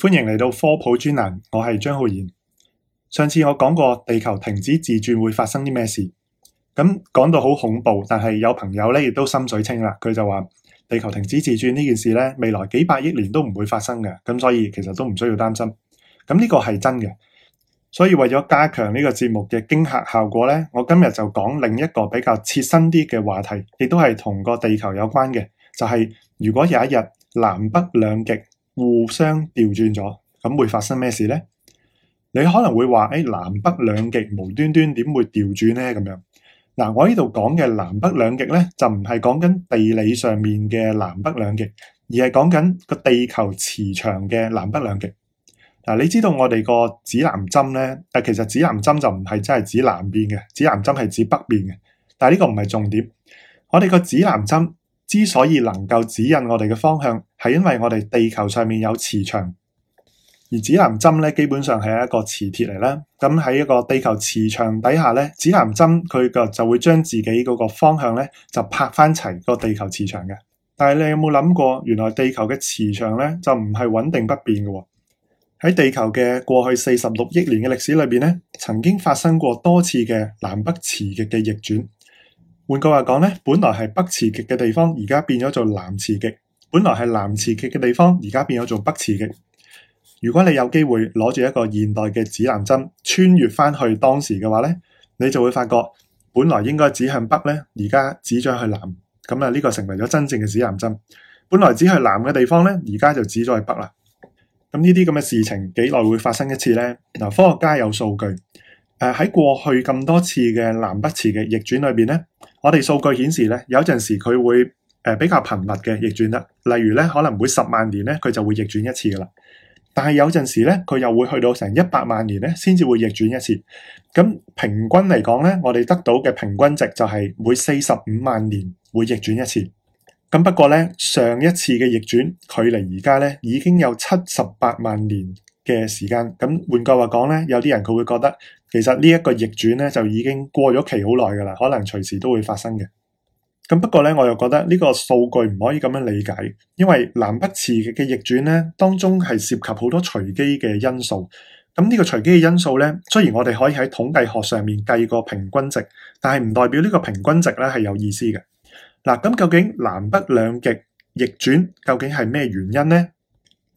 歡迎嚟到科普專欄，我係張浩然。上次我講過地球停止自轉會發生啲咩事，咁講到好恐怖，但係有朋友咧亦都心水清啦，佢就話地球停止自轉呢件事咧，未來幾百億年都唔會發生嘅，咁所以其實都唔需要擔心。咁呢個係真嘅，所以為咗加強呢個節目嘅驚嚇效果咧，我今日就講另一個比較切身啲嘅話題，亦都係同個地球有關嘅，就係如果有一日南北兩極互相調轉咗，咁會發生咩事呢？你可能會話，誒南北兩極無端端點會調轉呢？咁樣嗱，我呢度講嘅南北兩極呢，就唔係講緊地理上面嘅南北兩極，而係講緊個地球磁場嘅南北兩極。嗱，你知道我哋個指南針呢，但其實指南針就唔係真係指南邊嘅，指南針係指北邊嘅。但係呢個唔係重點，我哋個指南針。之所以能夠指引我哋嘅方向，係因為我哋地球上面有磁場，而指南針咧基本上係一個磁鐵嚟啦。咁喺一個地球磁場底下咧，指南針佢個就會將自己嗰個方向咧就拍翻齊個地球磁場嘅。但係你有冇諗過，原來地球嘅磁場咧就唔係穩定不變嘅喎？喺地球嘅過去四十六億年嘅歷史裏面咧，曾經發生過多次嘅南北磁極嘅逆轉。換句話講咧，本來係北磁極嘅地方，而家變咗做南磁極；本來係南磁極嘅地方，而家變咗做北磁極。如果你有機會攞住一個現代嘅指南針，穿越翻去當時嘅話咧，你就會發覺本來應該指向北咧，而家指咗去南咁啊。呢個成為咗真正嘅指南針。本來指去南嘅地方咧，而家就指咗去北啦。咁呢啲咁嘅事情幾耐會發生一次呢？嗱，科學家有數據誒，喺過去咁多次嘅南北磁極嘅逆轉裏邊咧。我哋數據顯示咧，有陣時佢會、呃、比較頻密嘅逆轉啦。例如咧，可能每十萬年咧佢就會逆轉一次噶啦。但係有陣時咧，佢又會去到成一百萬年咧先至會逆轉一次。咁平均嚟講咧，我哋得到嘅平均值就係每四十五萬年會逆轉一次。咁不過咧，上一次嘅逆轉距離而家咧已經有七十八萬年嘅時間，咁換句話講咧，有啲人佢會覺得其實呢一個逆轉咧就已經過咗期好耐㗎啦，可能隨時都會發生嘅。咁不過咧，我又覺得呢個數據唔可以咁樣理解，因為南北磁極嘅逆轉咧，當中係涉及好多隨機嘅因素。咁呢個隨機嘅因素咧，雖然我哋可以喺統計學上面計個平均值，但係唔代表呢個平均值咧係有意思嘅。嗱，咁究竟南北兩極逆轉究竟係咩原因咧？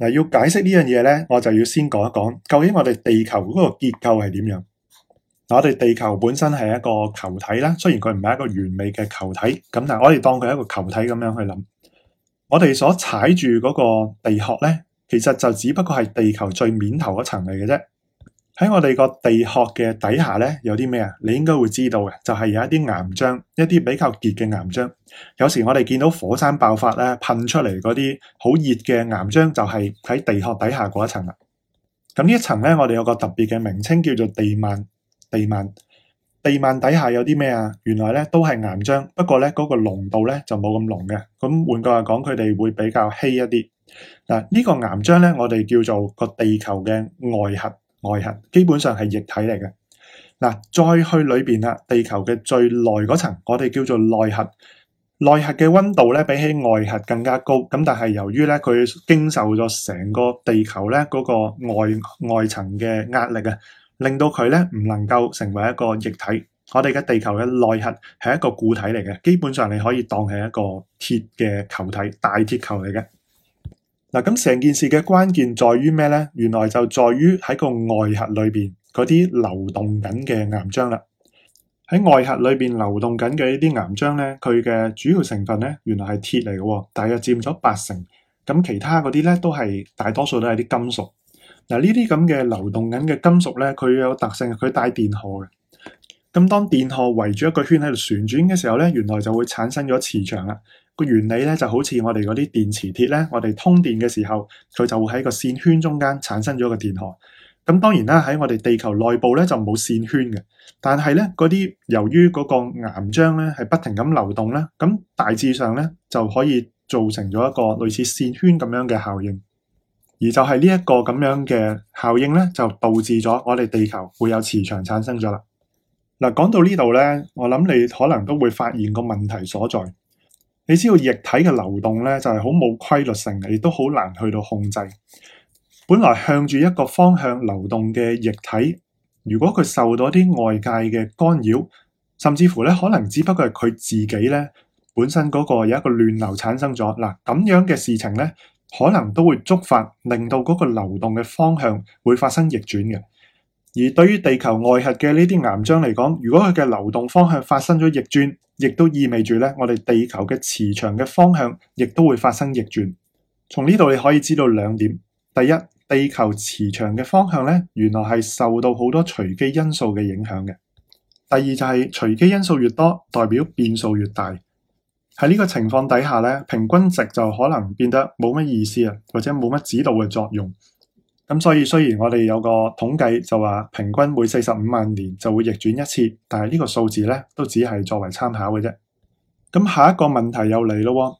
嗱，要解釋呢樣嘢咧，我就要先講一講，究竟我哋地球嗰個結構係點樣？我哋地球本身係一個球體啦，雖然佢唔係一個完美嘅球體，咁但係我哋當佢係一個球體咁樣去諗，我哋所踩住嗰個地殼咧，其實就只不過係地球最面頭一層嚟嘅啫。喺我哋個地殼嘅底下咧，有啲咩啊？你應該會知道嘅就係、是、有一啲岩漿，一啲比較結嘅岩漿。有時我哋見到火山爆發咧，噴出嚟嗰啲好熱嘅岩漿就係、是、喺地殼底下嗰一層啦。咁呢一層咧，我哋有個特別嘅名稱叫做地幔。地幔地幔底下有啲咩啊？原來咧都係岩漿，不過咧嗰、那個濃度咧就冇咁濃嘅。咁換句話講，佢哋會比較稀一啲嗱。呢、這個岩漿咧，我哋叫做個地球嘅外核。外核基本上係液體嚟嘅，嗱再去裏邊啦，地球嘅最內嗰層，我哋叫做內核。內核嘅溫度咧，比起外核更加高，咁但係由於咧佢經受咗成個地球咧嗰個外外層嘅壓力啊，令到佢咧唔能夠成為一個液體。我哋嘅地球嘅內核係一個固體嚟嘅，基本上你可以當係一個鐵嘅球體，大鐵球嚟嘅。嗱，咁成件事嘅關鍵在於咩咧？原來就在於喺個外核裏面嗰啲流動緊嘅岩漿啦。喺外核裏面流動緊嘅呢啲岩漿咧，佢嘅主要成分咧，原來係鐵嚟嘅，大約佔咗八成。咁其他嗰啲咧，都係大多數都係啲金屬。嗱，呢啲咁嘅流動緊嘅金屬咧，佢有特性，佢帶電荷嘅。咁當電荷圍住一個圈喺度旋轉嘅時候咧，原來就會產生咗磁場啦。原理咧，就好似我哋嗰啲電磁鐵咧，我哋通電嘅時候，佢就會喺個線圈中間產生咗個電荷。咁當然啦，喺我哋地球內部咧，就冇線圈嘅，但係咧，嗰啲由於嗰個岩漿咧係不停咁流動咧，咁大致上咧，就可以造成咗一個類似線圈咁樣嘅效應。而就係呢一個咁樣嘅效應咧，就導致咗我哋地球會有磁場產生咗啦。嗱，講到呢度咧，我諗你可能都會發現個問題所在。你知道液體嘅流動呢就係好冇規律性嘅，亦都好難去到控制。本來向住一個方向流動嘅液體，如果佢受到啲外界嘅干擾，甚至乎呢可能只不過係佢自己呢本身嗰個有一個亂流產生咗，嗱，這樣嘅事情呢可能都會觸發令到嗰個流動嘅方向會發生逆轉嘅。而對於地球外核嘅呢啲岩漿嚟講，如果佢嘅流動方向發生咗逆轉，亦都意味住咧，我哋地球嘅磁場嘅方向亦都會發生逆轉。從呢度你可以知道兩點：第一，地球磁場嘅方向咧，原來係受到好多隨機因素嘅影響嘅；第二就係隨機因素越多，代表變數越大。喺呢個情況底下咧，平均值就可能變得冇乜意思啊，或者冇乜指導嘅作用。咁所以雖然我哋有個統計就話平均每四十五萬年就會逆轉一次，但係呢個數字咧都只係作為參考嘅啫。咁下一個問題又嚟咯，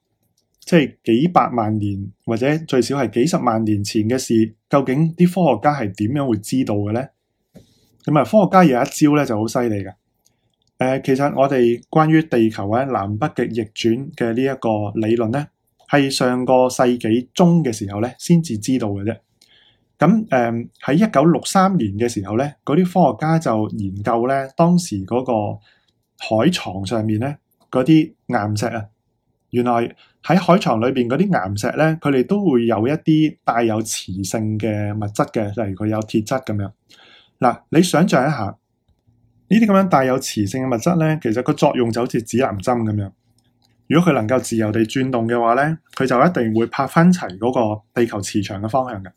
即係幾百萬年或者最少係幾十萬年前嘅事，究竟啲科學家係點樣會知道嘅呢？咁啊，科學家有一招咧就好犀利嘅。誒、呃，其實我哋關於地球咧南北極逆轉嘅呢一個理論呢，係上個世紀中嘅時候呢先至知道嘅啫。咁誒喺一九六三年嘅時候咧，嗰啲科學家就研究咧當時嗰個海床上面咧嗰啲岩石啊。原來喺海床裏面嗰啲岩石咧，佢哋都會有一啲帶有磁性嘅物質嘅，例如佢有鐵質咁樣嗱。你想象一下呢啲咁樣帶有磁性嘅物質咧，其實個作用就好似指南針咁樣。如果佢能夠自由地轉動嘅話咧，佢就一定會拍返齊嗰個地球磁場嘅方向嘅。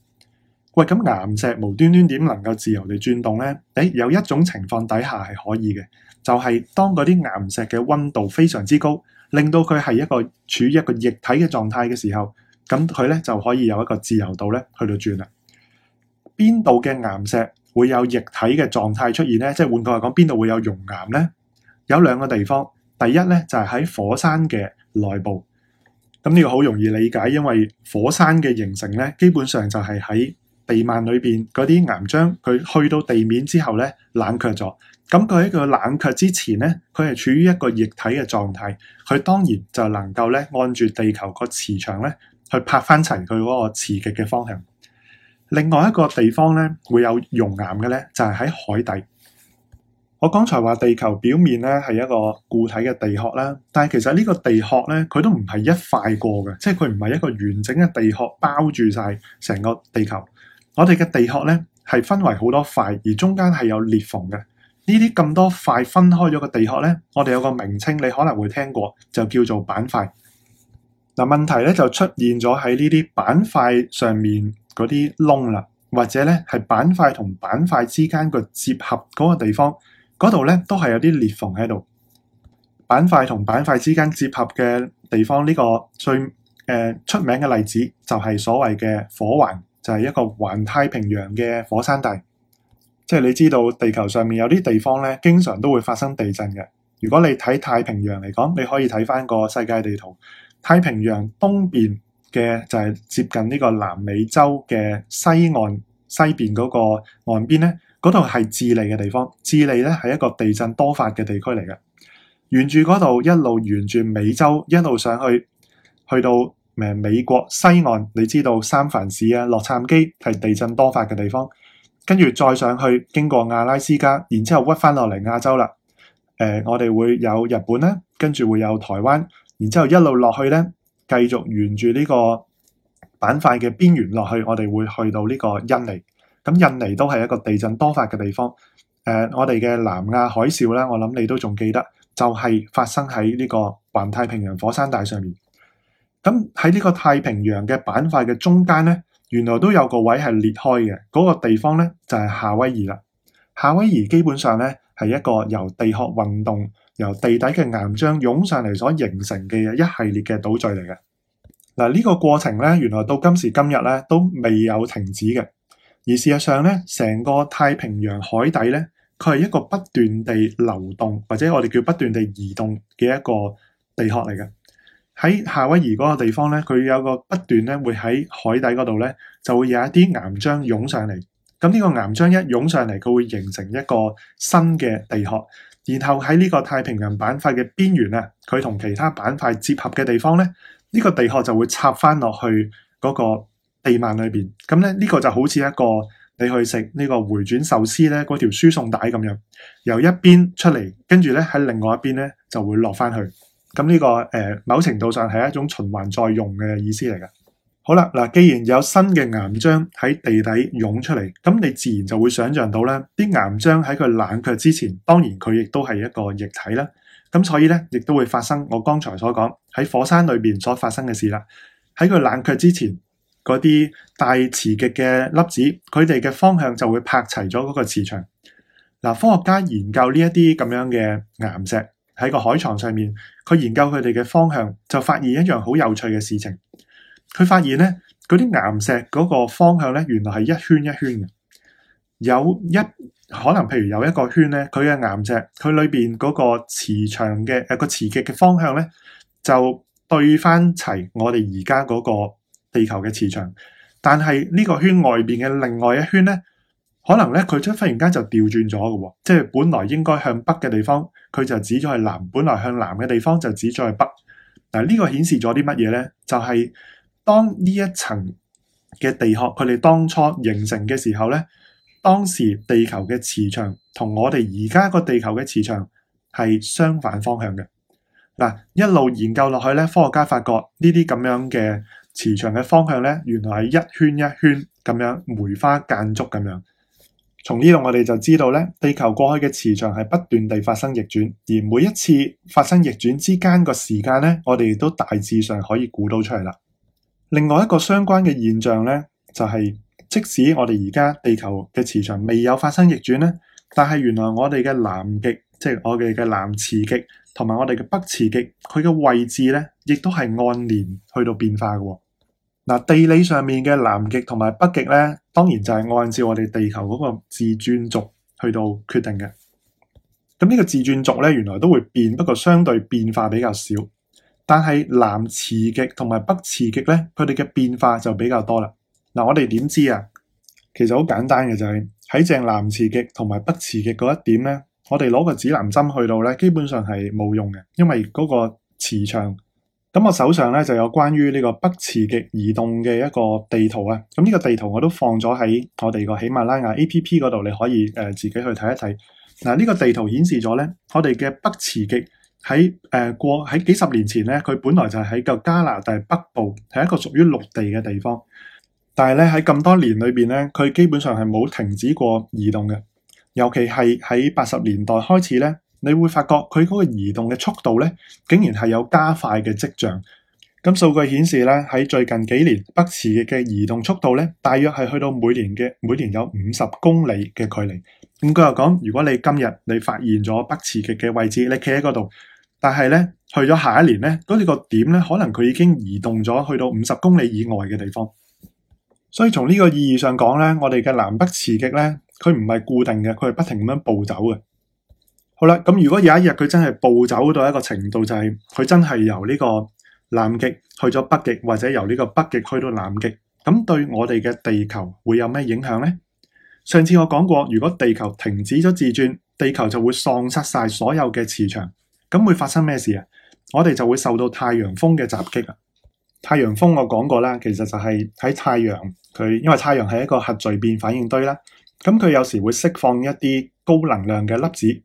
喂，咁岩石無端端點能夠自由地轉動呢？誒，有一種情況底下係可以嘅，就係當嗰啲岩石嘅溫度非常之高，令到佢係一個處於一個液體嘅狀態嘅時候，咁佢呢就可以有一個自由度呢去到轉啦。邊度嘅岩石會有液體嘅狀態出現呢？即係換句話講，邊度會有熔岩呢？有兩個地方，第一呢就係喺火山嘅內部。咁呢個好容易理解，因為火山嘅形成呢，基本上就係喺地幔裏邊嗰啲岩漿，佢去到地面之後咧，冷卻咗。咁佢喺佢冷卻之前咧，佢係處於一個液體嘅狀態。佢當然就能夠咧按住地球個磁場咧去拍翻齊佢嗰個磁極嘅方向。另外一個地方咧會有熔岩嘅咧，就係、是、喺海底。我剛才話地球表面咧係一個固體嘅地殼啦，但係其實呢個地殼咧佢都唔係一塊過嘅，即係佢唔係一個完整嘅地殼包住晒成個地球。我哋嘅地殼咧係分為好多塊，而中間係有裂縫嘅。呢啲咁多塊分開咗嘅地殼咧，我哋有個名稱，你可能會聽過，就叫做板塊。嗱，問題咧就出現咗喺呢啲板塊上面嗰啲窿啦，或者咧係板塊同板塊之間個接合嗰個地方，嗰度咧都係有啲裂縫喺度。板塊同板塊之間接合嘅地方，呢個最誒出名嘅例子就係所謂嘅火環。就係一個環太平洋嘅火山帶，即係你知道地球上面有啲地方咧，經常都會發生地震嘅。如果你睇太平洋嚟講，你可以睇翻個世界地圖，太平洋東邊嘅就係接近呢個南美洲嘅西岸西邊嗰個岸邊咧，嗰度係智利嘅地方。智利咧係一個地震多發嘅地區嚟嘅，沿住嗰度一路沿住美洲一路上去，去到。誒美國西岸，你知道三藩市啊、洛杉磯係地震多發嘅地方，跟住再上去經過阿拉斯加，然之後屈翻落嚟亞洲啦。誒、呃，我哋會有日本啦，跟住會有台灣，然之後一路落去咧，繼續沿住呢個板塊嘅邊緣落去，我哋會去到呢個印尼。咁印尼都係一個地震多發嘅地方。誒、呃，我哋嘅南亞海嘯呢，我諗你都仲記得，就係、是、發生喺呢個環太平洋火山帶上面。咁喺呢個太平洋嘅板塊嘅中間呢，原來都有個位係裂開嘅，嗰個地方呢就係夏威夷啦。夏威夷基本上呢係一個由地殼運動、由地底嘅岩漿湧上嚟所形成嘅一系列嘅島嶼嚟嘅。嗱呢個過程呢，原來到今時今日呢都未有停止嘅。而事實上呢，成個太平洋海底呢，佢係一個不斷地流動或者我哋叫不斷地移動嘅一個地殼嚟嘅。喺夏威夷嗰個地方咧，佢有個不斷咧，會喺海底嗰度咧，就會有一啲岩漿湧上嚟。咁呢個岩漿一湧上嚟，佢會形成一個新嘅地殼。然後喺呢個太平洋板塊嘅邊緣啊，佢同其他板塊接合嘅地方咧，呢、呢個地殼就會插翻落去嗰個地幔裏邊。咁咧呢個就好似一個你去食呢個回轉壽司咧，嗰條輸送帶咁樣，由一邊出嚟，跟住咧喺另外一邊咧就會落翻去。咁呢、這個誒、呃，某程度上係一種循環再用嘅意思嚟㗎。好啦，嗱，既然有新嘅岩漿喺地底湧出嚟，咁你自然就會想象到咧，啲岩漿喺佢冷卻之前，當然佢亦都係一個液體啦。咁所以咧，亦都會發生我剛才所講喺火山裏邊所發生嘅事啦。喺佢冷卻之前，嗰啲大磁極嘅粒子，佢哋嘅方向就會拍齊咗嗰個磁場。嗱，科學家研究呢一啲咁樣嘅岩石。喺個海床上面，佢研究佢哋嘅方向，就發現一樣好有趣嘅事情。佢發現咧，嗰啲岩石嗰個方向咧，原來係一圈一圈嘅。有一可能，譬如有一個圈咧，佢嘅岩石佢裏面嗰個磁場嘅誒個磁極嘅方向咧，就對翻齊我哋而家嗰個地球嘅磁場。但係呢個圈外面嘅另外一圈咧。可能咧，佢就忽然間就調轉咗嘅、哦，即係本來應該向北嘅地方，佢就指咗係南；本來向南嘅地方就指咗係北。嗱，呢個顯示咗啲乜嘢咧？就係、是、當呢一層嘅地殼佢哋當初形成嘅時候咧，當時地球嘅磁場同我哋而家個地球嘅磁場係相反方向嘅嗱。一路研究落去咧，科學家發覺呢啲咁樣嘅磁場嘅方向咧，原來係一圈一圈咁樣梅花間竹咁樣。從呢度我哋就知道咧，地球過去嘅磁場係不斷地發生逆轉，而每一次發生逆轉之間個時間咧，我哋都大致上可以估到出嚟啦。另外一個相關嘅現象咧，就係即使我哋而家地球嘅磁場未有發生逆轉咧，但係原來我哋嘅南極，即係我哋嘅南磁極同埋我哋嘅北磁極，佢嘅位置咧，亦都係按年去到變化嘅。嗱，地理上面嘅南極同埋北極咧，當然就係按照我哋地球嗰個自轉軸去到決定嘅。咁呢個自轉軸咧，原來都會變，不過相對變化比較少。但係南磁極同埋北磁極咧，佢哋嘅變化就比較多啦。嗱，我哋點知啊？其實好簡單嘅就係喺正南磁極同埋北磁極嗰一點咧，我哋攞個指南針去到咧，基本上係冇用嘅，因為嗰個磁場。咁我手上咧就有關於呢個北磁極移動嘅一個地圖啊，咁呢個地圖我都放咗喺我哋個喜馬拉雅 APP 嗰度，你可以誒、呃、自己去睇一睇。嗱、呃，呢、這個地圖顯示咗咧，我哋嘅北磁極喺誒過喺幾十年前咧，佢本來就係喺個加拿大北部，係一個屬於陸地嘅地方。但係咧喺咁多年裏邊咧，佢基本上係冇停止過移動嘅，尤其係喺八十年代開始咧。你會發覺佢嗰個移動嘅速度咧，竟然係有加快嘅跡象。咁數據顯示咧，喺最近幾年，北磁極嘅移動速度咧，大約係去到每年嘅每年有五十公里嘅距離。咁佢又講，如果你今日你發現咗北磁極嘅位置，你企喺嗰度，但係咧去咗下一年咧，嗰個點咧，可能佢已經移動咗去到五十公里以外嘅地方。所以從呢個意義上講咧，我哋嘅南北磁極咧，佢唔係固定嘅，佢係不停咁樣暴走嘅。好啦，咁如果有一日佢真係暴走到一個程度，就係佢真係由呢個南極去咗北極，或者由呢個北極去到南極，咁對我哋嘅地球會有咩影響呢？上次我講過，如果地球停止咗自轉，地球就會喪失晒所有嘅磁場，咁會發生咩事啊？我哋就會受到太陽風嘅襲擊啊！太陽風我講過啦，其實就係喺太陽佢，因為太陽係一個核聚變反應堆啦，咁佢有時會釋放一啲高能量嘅粒子。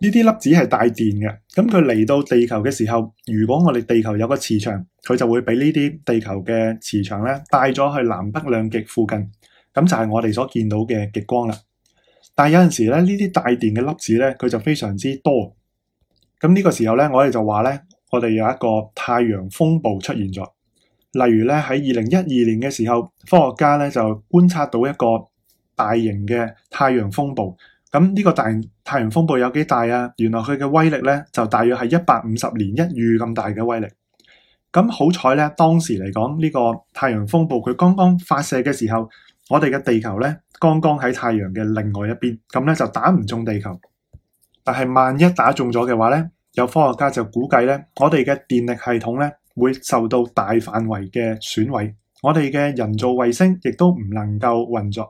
呢啲粒子係帶電嘅，咁佢嚟到地球嘅時候，如果我哋地球有個磁場，佢就會俾呢啲地球嘅磁場咧帶咗去南北兩極附近，咁就係我哋所見到嘅極光啦。但係有陣時咧，呢啲帶電嘅粒子咧，佢就非常之多，咁呢個時候咧，我哋就話咧，我哋有一個太陽風暴出現咗。例如咧，喺二零一二年嘅時候，科學家咧就觀察到一個大型嘅太陽風暴，咁呢個大型。太陽風暴有幾大啊？原來佢嘅威力咧，就大約係一百五十年一遇咁大嘅威力。咁好彩咧，當時嚟講呢個太陽風暴佢剛剛發射嘅時候，我哋嘅地球咧剛剛喺太陽嘅另外一邊，咁咧就打唔中地球。但係萬一打中咗嘅話咧，有科學家就估計咧，我哋嘅電力系統咧會受到大範圍嘅損毀，我哋嘅人造衛星亦都唔能夠運作。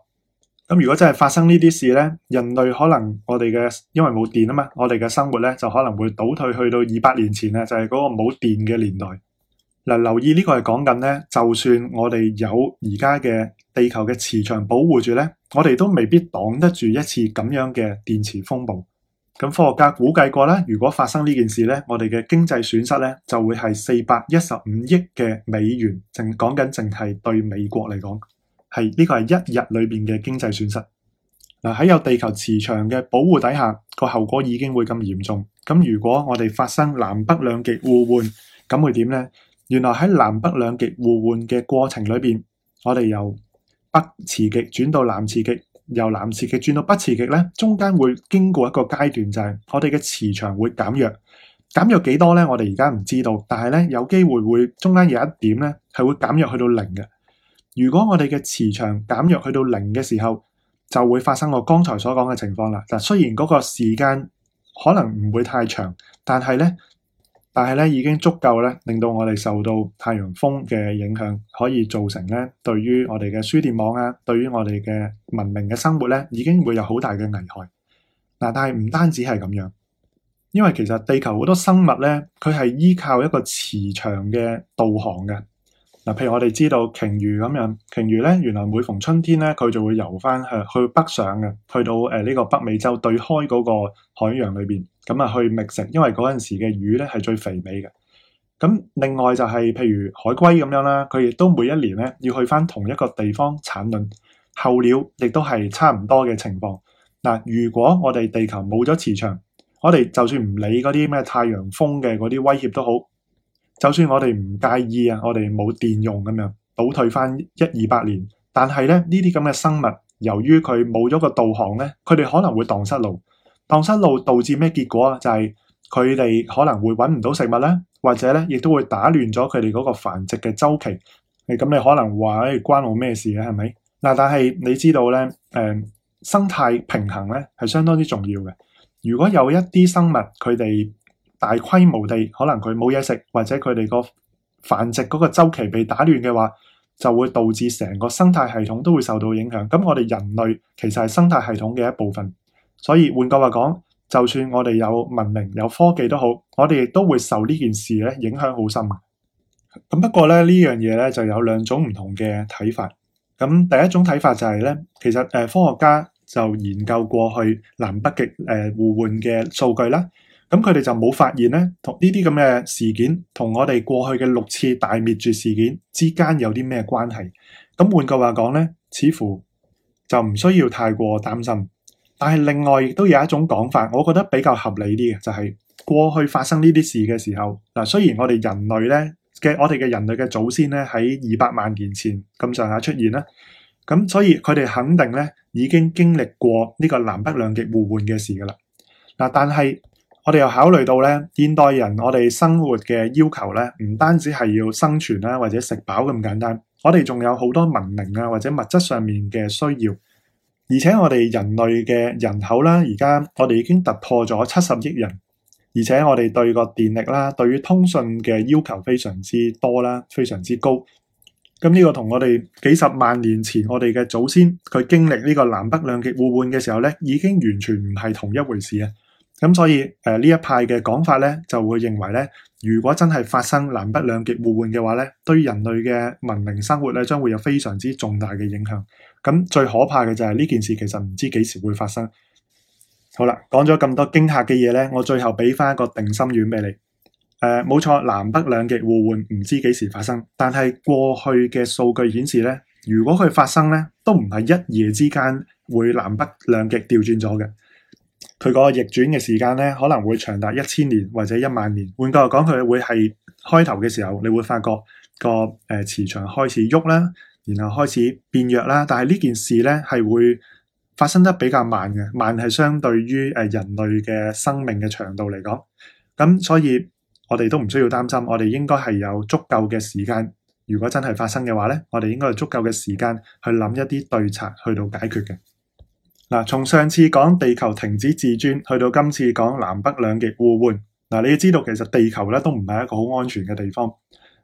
咁如果真係發生呢啲事咧，人類可能我哋嘅，因為冇電啊嘛，我哋嘅生活咧就可能會倒退去到二百年前啊，就係嗰個冇電嘅年代。嗱，留意呢個係講緊咧，就算我哋有而家嘅地球嘅磁場保護住咧，我哋都未必擋得住一次咁樣嘅電磁風暴。咁科學家估計過呢，如果發生呢件事咧，我哋嘅經濟損失咧就會係四百一十五億嘅美元，淨講緊淨係對美國嚟講。係呢個係一日裏邊嘅經濟損失。嗱，喺有地球磁場嘅保護底下，個後果已經會咁嚴重。咁如果我哋發生南北兩極互換，咁會點呢？原來喺南北兩極互換嘅過程裏邊，我哋由北磁極轉到南磁極，由南磁極轉到北磁極咧，中間會經過一個階段，就係我哋嘅磁場會減弱。減弱幾多呢？我哋而家唔知道，但係咧有機會會中間有一點咧係會減弱去到零嘅。如果我哋嘅磁場減弱去到零嘅時候，就會發生我剛才所講嘅情況啦。嗱，雖然嗰個時間可能唔會太長，但係咧，但係咧已經足夠咧，令到我哋受到太陽風嘅影響，可以造成咧對於我哋嘅輸電網啊，對於我哋嘅文明嘅生活咧，已經會有好大嘅危害。嗱，但係唔單止係咁樣，因為其實地球好多生物咧，佢係依靠一個磁場嘅導航嘅。嗱，譬如我哋知道鯨魚咁樣，鯨魚咧原來每逢春天咧，佢就會游翻去去北上嘅，去到誒呢個北美洲對開嗰個海洋裏面咁啊去覓食，因為嗰陣時嘅魚咧係最肥美嘅。咁另外就係、是、譬如海龜咁樣啦，佢亦都每一年咧要去翻同一個地方產卵，候鳥亦都係差唔多嘅情況。嗱，如果我哋地球冇咗磁場，我哋就算唔理嗰啲咩太陽風嘅嗰啲威脅都好。就算我哋唔介意啊，我哋冇電用咁樣倒退翻一二百年，但係咧呢啲咁嘅生物，由於佢冇咗個導航咧，佢哋可能會蕩失路，蕩失路導致咩結果啊？就係佢哋可能會搵唔到食物咧，或者咧亦都會打亂咗佢哋嗰個繁殖嘅周期。係咁你可能話誒關我咩事啊？係咪？嗱，但係你知道咧，誒生態平衡咧係相當之重要嘅。如果有一啲生物佢哋，大規模地，可能佢冇嘢食，或者佢哋個繁殖嗰個周期被打亂嘅話，就會導致成個生態系統都會受到影響。咁我哋人類其實係生態系統嘅一部分，所以換句話講，就算我哋有文明、有科技都好，我哋亦都會受呢件事咧影響好深。咁不過咧，這個、呢樣嘢咧就有兩種唔同嘅睇法。咁第一種睇法就係咧，其實、呃、科學家就研究過去南北極、呃、互換嘅數據啦。咁佢哋就冇發現咧，同呢啲咁嘅事件，同我哋過去嘅六次大滅絕事件之間有啲咩關係？咁換句話講咧，似乎就唔需要太過擔心。但係另外亦都有一種講法，我覺得比較合理啲嘅就係過去發生呢啲事嘅時候嗱，雖然我哋人類咧嘅我哋嘅人類嘅祖先咧喺二百萬年前咁上下出現啦，咁所以佢哋肯定咧已經經歷過呢個南北兩極互換嘅事㗎喇嗱，但係。我哋又考慮到咧，現代人我哋生活嘅要求咧，唔單止係要生存啦，或者食飽咁簡單，我哋仲有好多文明啊，或者物質上面嘅需要。而且我哋人類嘅人口啦，而家我哋已經突破咗七十億人，而且我哋對個電力啦，對於通訊嘅要求非常之多啦，非常之高。咁呢個同我哋幾十萬年前我哋嘅祖先佢經歷呢個南北兩極互換嘅時候咧，已經完全唔係同一回事啊！咁所以誒呢一派嘅講法咧，就會認為咧，如果真係發生南北兩極互換嘅話咧，對於人類嘅文明生活咧，將會有非常之重大嘅影響。咁最可怕嘅就係呢件事，其實唔知幾時會發生。好啦，講咗咁多驚嚇嘅嘢咧，我最後俾翻一個定心丸俾你。誒，冇錯，南北兩極互換唔知幾時發生，但係過去嘅數據顯示咧，如果佢發生咧，都唔係一夜之間會南北兩極調轉咗嘅。佢個逆轉嘅時間咧，可能會長達一千年或者一萬年。換句話講，佢會係開頭嘅時候，你會發覺個誒磁場開始喐啦，然後開始變弱啦。但係呢件事咧，係會發生得比較慢嘅，慢係相對於誒人類嘅生命嘅長度嚟講。咁所以我哋都唔需要擔心，我哋應該係有足夠嘅時間。如果真係發生嘅話咧，我哋應該有足夠嘅時間去諗一啲對策去到解決嘅。嗱，從上次講地球停止自轉去到今次講南北兩極互換，嗱，你要知道其實地球咧都唔係一個好安全嘅地方。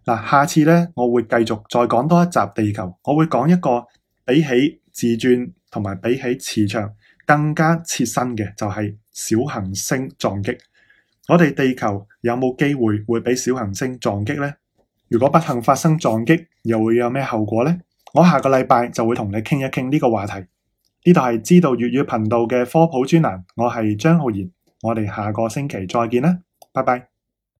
嗱，下次咧我會繼續再講多一集地球，我會講一個比起自轉同埋比起磁場更加切身嘅，就係小行星撞擊。我哋地球有冇機會會俾小行星撞擊呢？如果不幸發生撞擊，又會有咩後果呢？我下個禮拜就會同你傾一傾呢個話題。呢度係知道粵語頻道嘅科普專欄，我係張浩然，我哋下個星期再見啦，拜拜。